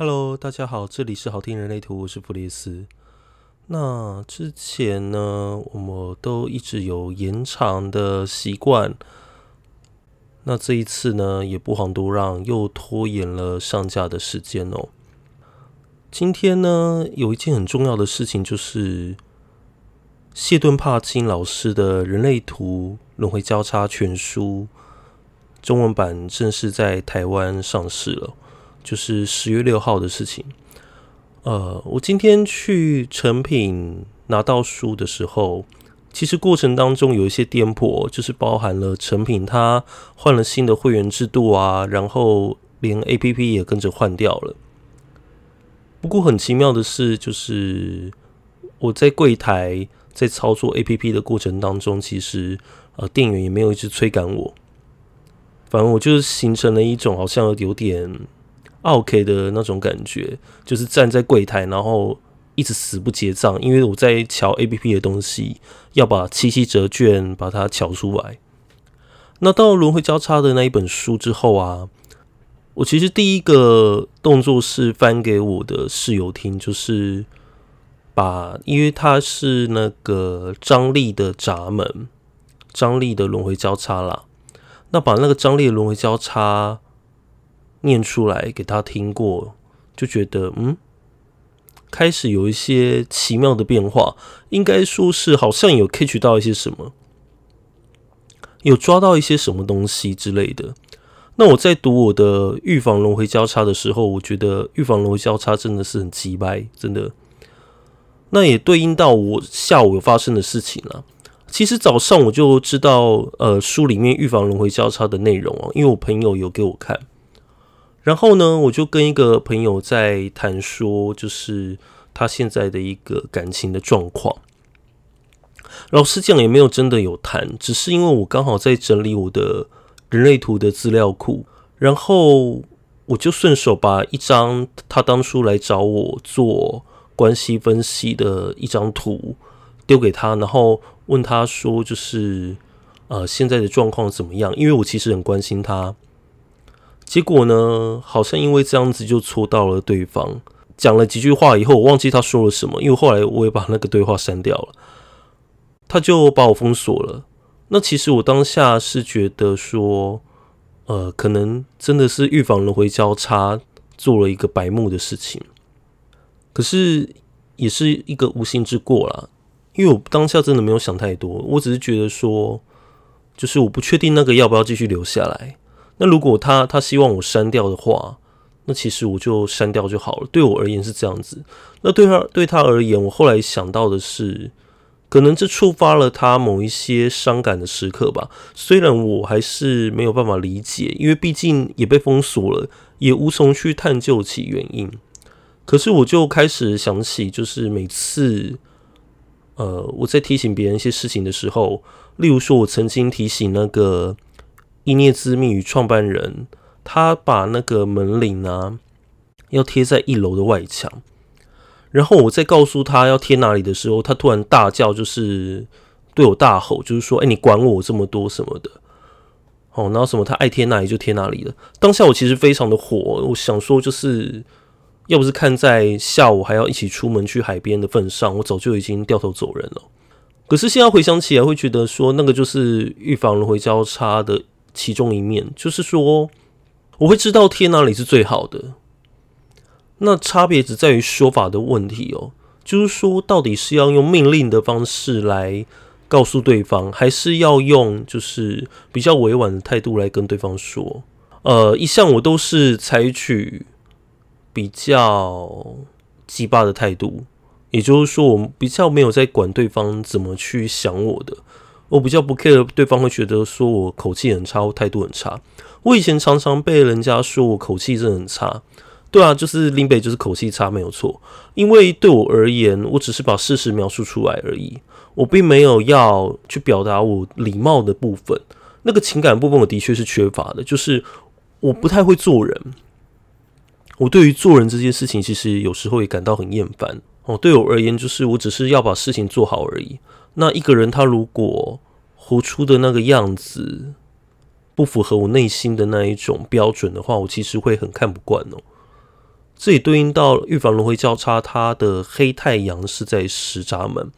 Hello，大家好，這裡是好聽人類圖，我是布列斯。那之前呢，我們都一直有延長的習慣。那這一次呢，也不遑多讓，又拖延了上架的時間哦。今天呢，有一件很重要的事情，就是謝頓帕金老師的人類圖輪迴交叉全書中文版正式在台灣上市了。就是十月六號的事情，呃，我今天去誠品拿到書的時候，其實過程當中有一些顛簸，就是包含了誠品它換了新的會員制度啊，然後連 APP 也跟着換掉了。不過很奇妙的是，就是我在櫃台在操作 APP 的過程當中，其實呃，店員也沒有一直催趕我，反正我就是形成了一種好像有點。OK 的那種感覺，就是站在櫃台，然後一直死不結賬。因為我在喬 APP 的東西，要把七七折券把它喬出來。那到《輪回交叉》的那一本書之後啊，我其實第一個動作是翻給我的室友聽，就是把，因為它是那個張力的閘門，張力的輪回交叉啦，那把那個張力的輪回交叉。念出來給他聽過，就覺得嗯，開始有一些奇妙的變化，應該說是好像有 catch 到一些什麼，有抓到一些什麼東西之類的，那我在讀我的預防輪迴交叉的時候，我覺得預防輪迴交叉真的是很機掰，真的。那也對應到我下午有發生的事情了。其實早上我就知道，呃，書裡面預防輪迴交叉的內容哦、啊，因為我朋友有給我看。然後呢，我就跟一個朋友在談，說就是他現在的一個感情的狀況。老實講，也沒有真的有談，只是因為我剛好在整理我的人類圖的資料庫，然後我就順手把一張他當初來找我做關係分析的一張圖丟給他，然後問他說，就是呃現在的狀況怎麼樣？因為我其實很關心他。結果呢？好像因為這樣子就戳到了對方，講了幾句話以後，我忘記他說了什麼，因為後來我也把那個對話刪掉了，他就把我封鎖了。那其實我當下是覺得說，呃，可能真的是預防輪迴交叉做了一個白目的事情，可是也是一個無心之過啦，因為我當下真的沒有想太多，我只是覺得說，就是我不確定那個要不要繼續留下來。那如果他、他希望我刪掉的話，那其實我就刪掉就好了。對我而言是這樣子。那對他、對他而言，我後來想到的是，可能這觸發了他某一些傷感的時刻吧。雖然我還是沒有辦法理解，因為畢竟也被封鎖了，也無從去探究其原因。可是我就開始想起，就是每次，呃，我在提醒別人一些事情的時候，例如說，我曾經提醒那個。一念之密與創辦人，他把那個門鈴啊，要貼在一樓的外牆。然後我在告訴他要貼哪裡的時候，他突然大叫，就是對我大吼，就是說：“哎、欸，你管我這麼多什麼的？哦，然後什麼他愛貼哪裡就貼哪裡了。”當下我其實非常的火，我想說就是，要不是看在下午還要一起出門去海邊的份上，我早就已經掉頭走人了。可是現在回想起來，會覺得說那個就是預防輪迴交叉的。其中一面就是說，我會知道貼哪裡是最好的。那差別只在於說法的問題哦，就是說，到底是要用命令的方式來告訴對方，還是要用就是比較委婉的態度來跟對方說？呃，一向我都是採取比較機掰的態度，也就是說，我比較沒有在管對方怎麼去想我的。我比較不 care，對方會覺得說我口氣很差或態度很差。我以前常常被人家說我口氣真的很差，對啊，就是林北，就是口氣差沒有錯。因為對我而言，我只是把事實描述出來而已，我並沒有要去表達我禮貌的部分。那個情感部分，我的確是缺乏的，就是我不太會做人。我對於做人這件事情，其實有時候也感到很厭煩。哦，對我而言，就是我只是要把事情做好而已。那一個人，他如果活出的那個樣子不符合我內心的那一種標準的話，我其實會很看不慣哦、喔。這裡對應到預防輪迴交叉，它的黑太陽是在十閘門。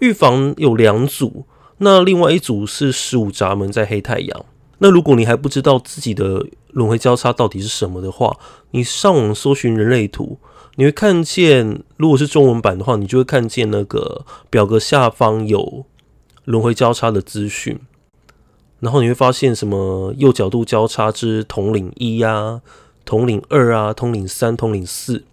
預防有兩組，那另外一組是十五閘門在黑太陽。那如果你還不知道自己的輪迴交叉到底是什麼的話，你上網搜尋人類圖。你會看見，如果是中文版的話，你就會看見那個表格下方有輪迴交叉的資訊，然後你會發現什麼右角度交叉之統領一呀、統領二啊、統領三、啊、統領四，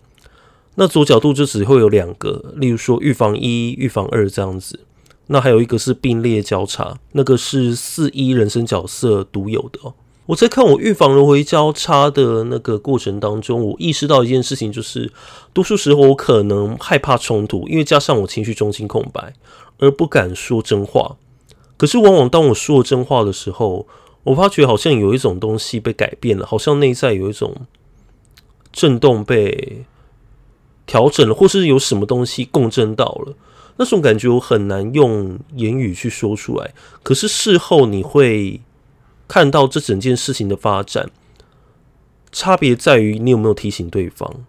那左角度就只會有兩個，例如說預防一、預防二這樣子，那還有一個是並列交叉，那個是四一、e、人生角色獨有的。哦。我在看我預防輪迴交叉的那個過程當中，我意識到一件事情，就是多數時候我可能害怕衝突，因為加上我情緒中心空白，而不敢說真話。可是往往當我說了真話的時候，我發覺好像有一種東西被改變了，好像內在有一種震動被調整了，或是有什麼東西共振到了。那種感覺我很難用言語去說出來，可是事後你會。看到這整件事情的發展，差別在於你有沒有提醒對方。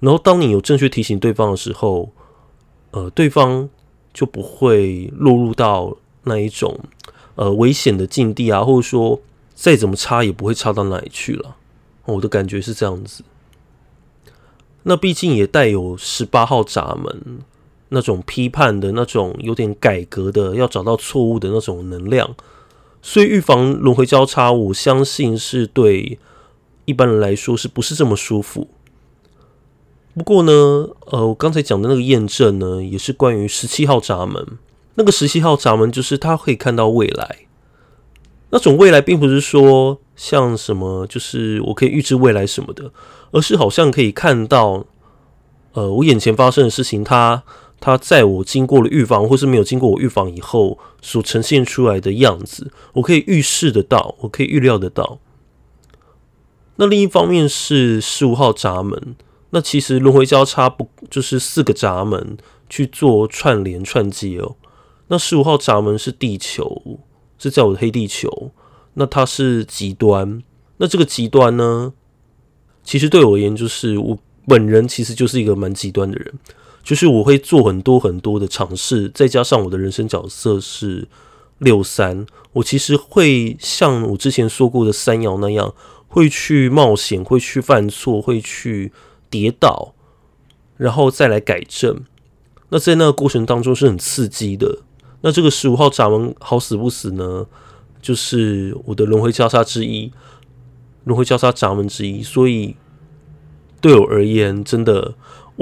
然後，當你有正確提醒對方的時候，呃，對方就不會落入到那一種呃，危險的境地啊，或者說再怎麼差也不會差到哪裡去了。我的感覺是這樣子。那畢竟也帶有十八號閘門那種批判的那種有點改革的，要找到錯誤的那種能量。所以預防輪回交叉，我相信是對一般人來說是不是這麼舒服？不過呢，呃，我剛才講的那個驗證呢，也是關於十七號閘門。那個十七號閘門就是它可以看到未來，那種未來並不是說像什麼，就是我可以預知未來什麼的，而是好像可以看到，呃，我眼前發生的事情它。它在我經過了預防，或是沒有經過我預防以後所呈現出來的樣子，我可以預示得到，我可以預料得到。那另一方面是十五號閘門，那其實輪迴交叉不就是四個閘門去做串聯串接哦？那十五號閘門是地球，是在我的黑地球，那它是極端，那這個極端呢，其實對我而言就是我本人其實就是一個蠻極端的人。就是我會做很多很多的嘗試，再加上我的人生角色是六三，我其實會像我之前說過的三爻那樣，會去冒險，會去犯錯，會去跌倒，然後再來改正。那在那個過程當中是很刺激的。那這個十五號閘門好死不死呢，就是我的輪回交叉之一，輪回交叉閘門之一，所以對我而言，真的。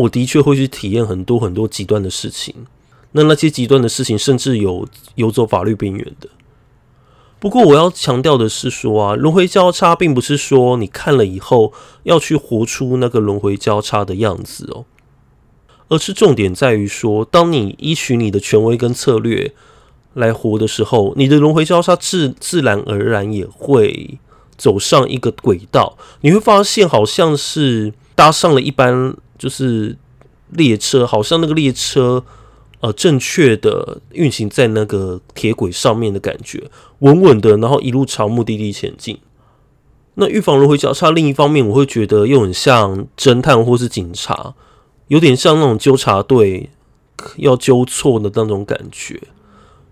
我的確會去體驗很多很多極端的事情，那那些極端的事情，甚至有有走法律邊緣的。不過我要強調的是說啊，輪迴交叉並不是說你看了以後要去活出那個輪迴交叉的樣子哦，而是重點在於說，當你依循你的權威跟策略來活的時候，你的輪迴交叉自自然而然也會走上一個軌道，你會發現好像是搭上了一般。就是列車好像那個列車，呃，正確的運行在那個鐵軌上面的感覺，穩穩的，然後一路朝目的地前進。那預防輪迴交叉，另一方面，我會覺得又很像偵探或是警察，有點像那種糾察隊要糾錯的那種感覺。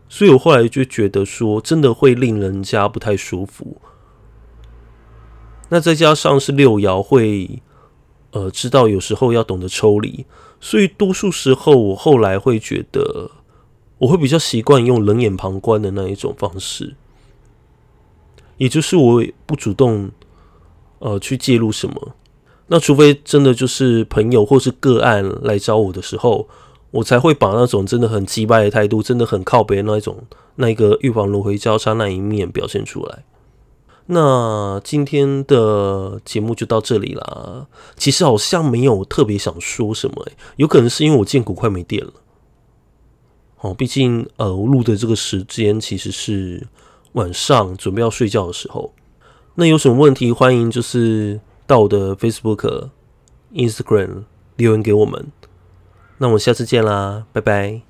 所以我後來就覺得說，真的會令人家不太舒服。那再加上是六爻會。呃，知道有時候要懂得抽離，所以多數時候我後來會覺得，我會比較習慣用冷眼旁觀的那一種方式，也就是我不主動，呃，去介入什麼。那除非真的就是朋友或是個案來找我的時候，我才會把那種真的很擊敗的態度，真的很靠北那一種，那一個預防輪迴交叉那一面表現出來。那今天的節目就到這裡啦。其實好像沒有特別想說什麼，欸，有可能是因為我薦骨快沒電了。哦，畢竟呃，我錄的這個時間其實是晚上準備要睡覺的時候。那有什麼問題，歡迎就是到我的 Facebook、Instagram 留言給我們。那我們下次見啦，拜拜。